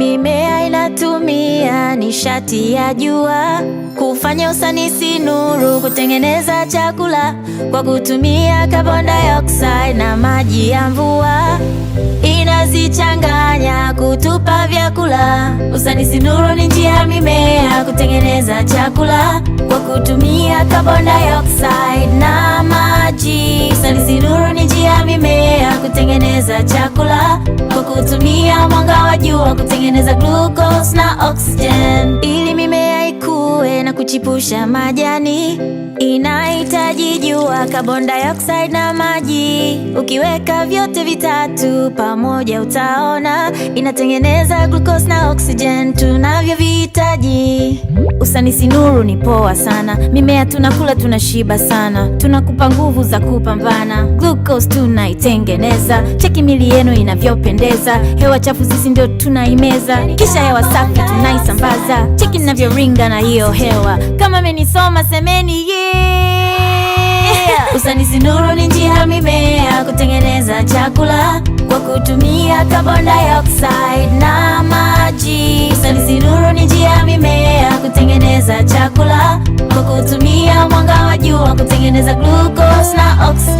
Mimea inatumia nishati ya jua kufanya usanisi nuru, kutengeneza chakula kwa kutumia carbon dioxide na maji ya mvua, inazichanganya kutupa vyakula. Usanisi nuru ni njia ya mimea kutengeneza chakula kwa kutumia carbon dioxide na maji. Usanisi nuru ni njia ya mimea kutengeneza chakula Tumia mwanga wa jua kutengeneza glucose na oxygen ili mimea ikue na kuchipusha majani, inahitaji jua carbon dioxide na maji. Ukiweka vyote vitatu pamoja, utaona inatengeneza glucose na oxygen tunavyovihitaji. Usanisi nuru ni poa sana, mimea tunakula tunashiba sana, tunakupa nguvu za kupambana. Glucose tunaitengeneza, cheki mili yenu inavyopendeza. Hewa chafu sisi ndio tunaimeza, kisha hewa safi tunaisambaza. Cheki navyoringa na hiyo hewa, kama menisoma semeni yeah. Sayansi nuru ni njia mimea kutengeneza chakula kwa kutumia carbon dioxide na maji. Sayansi nuru ni njia mimea kutengeneza chakula kwa kutumia mwanga wa jua kutengeneza glucose na oxygen.